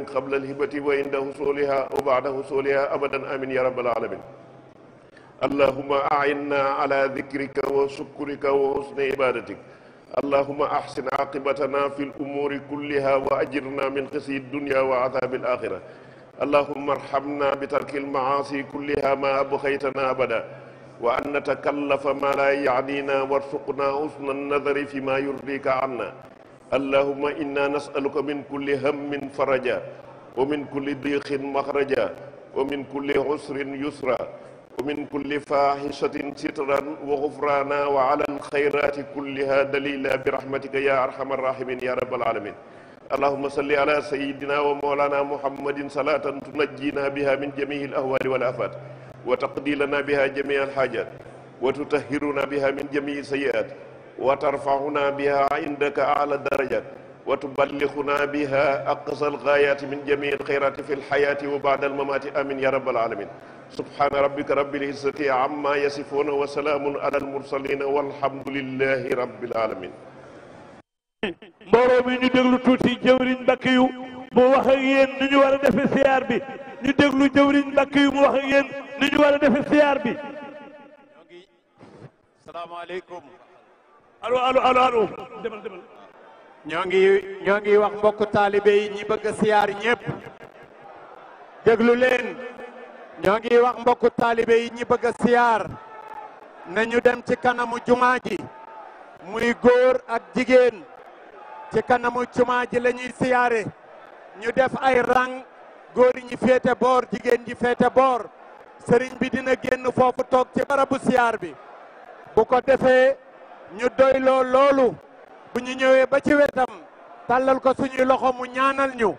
aadin qabla alhibati wa inda husuliha wa baada husuliha abadan amin ya rabbal alamin allahuma ainna ala dikrika wa sukrika wa husni ibadatik allahuma ahsin aqibatana fi lumuri kulliha wa ajirna min xisi dunya wa adhabi alaxira allahuma arhamna bi tarki almaasi kulliha ma abxaytana abada wa an natakallafa ma la yaanina warsuqna husna annadari fi ma yurdika anna allahumma inna nasaluka min kulli hammin faraja wa min kulli diixin maxraja wa min kulli usrin yusra wa min kulli faaxisatin sitran wa xufraana wa ala alxayrati kulliha dalila bi rahmatika ya arhama arrahimin ya rabbal alamin allahumma salli ala sayidina wa mawlana muhammadin salatan tunajjina biha min jamihi alahwali wal afat wa taqdi lana biha jamia alxaajat wa tutahhiruna biha min jamii sayiat wa tarfaxuna biha indaka ala darajat wa tuballighuna biha aqsa algaayati min jamii alxayrati fi lxayaati wa baada almamaati amin ya rabbal alamin subhaana rabbika rabbil izzati amma yasifuuna wa salaamun ala almursalina walhamdulillahi rabbil alamin mbooloo mi ñu déglu tuuti jëwriñ mbakk yu mu wax ak yéen ni ñu war a defe siyaar bi ñu déglu jëwriñ mbakk yu mu wax ak yéen ni ñu war a defe siyaar bi salaamaaleykum allo allo allo allo demal ñoo ngi ñoo ngi wax mbokku taalibe yi ñi bëgg siyaar ñëpp déglu leen ñoo ngi wax mbokku taalibe yi ñi bëgg a siyaar nañu dem ci kanamu jumaa ji muy góor ak jigéen ci kanamu jumaa ji la ñuy siyaare ñu def ay rang góor ñi féete boor jigéen ñi féete boor sëriñ bi dina génn foofu toog ci barabu siyaar bi bu ko defee ñu doyloo loolu bu ñu ñëwee ba ci wetam tàllal ko suñuy loxo mu ñaanal ñu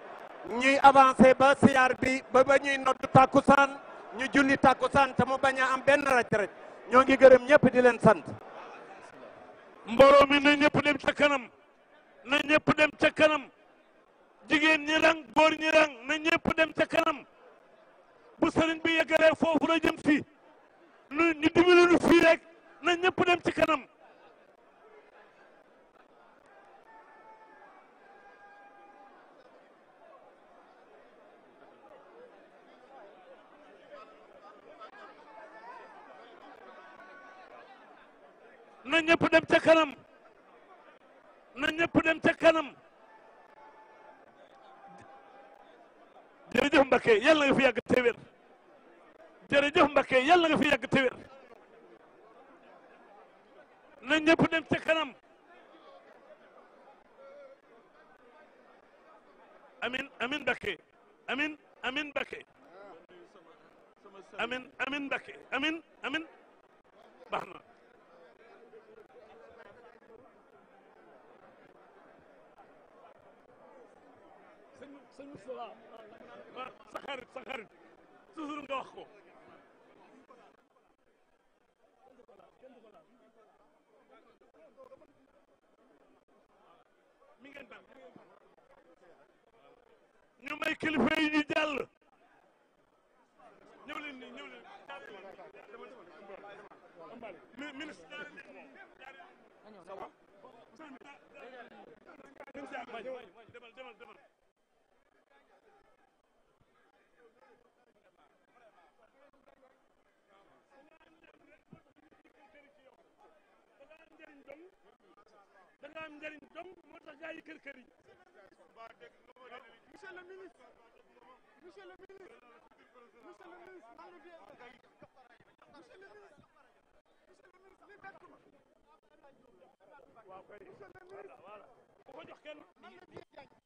ñuy avancé ba siyaar bi ba ba ñuy nodd tàkkusaan ñu julli tàkkusaan te mu bañ a am benn raj-raj ñoo ngi gërëm ñëpp di leen sant mbooloo mi na ñëpp dem ca kanam na ñëpp dem ca kanam jigéen ñi rang góor ñi rang na ñëpp dem ca kanam bu sëriñ bi yeggalee foofu la jëm si ñu dimbali ñu fii rek na ñëpp dem ci kanam na ñëpp dem ca kanam na ñëpp dem ca kanam jërëjëf Mbakke yàlla nga fi yàgg te wér jërëjëf Mbakke yàlla nga fi yàgg te wér na ñëpp dem ca kanam amin amin Mbakke amin amin Mbakke amin amin Mbakke amin amin baax na sëñ Moustapha waaw ah, sa xarit sa xarit toujours nga wax ko mi ngeen dal ñu may kilifa yi ñu jàll ñëw leen nii ñëw leen ministre ministre da nga am njëriñ dong moo tax yi kër kër yi. monsieur le ministre monsieur le ministre monsieur le ministre maa ngi dégg monsieur le ministre monsieur le ministre li ko jox kenn.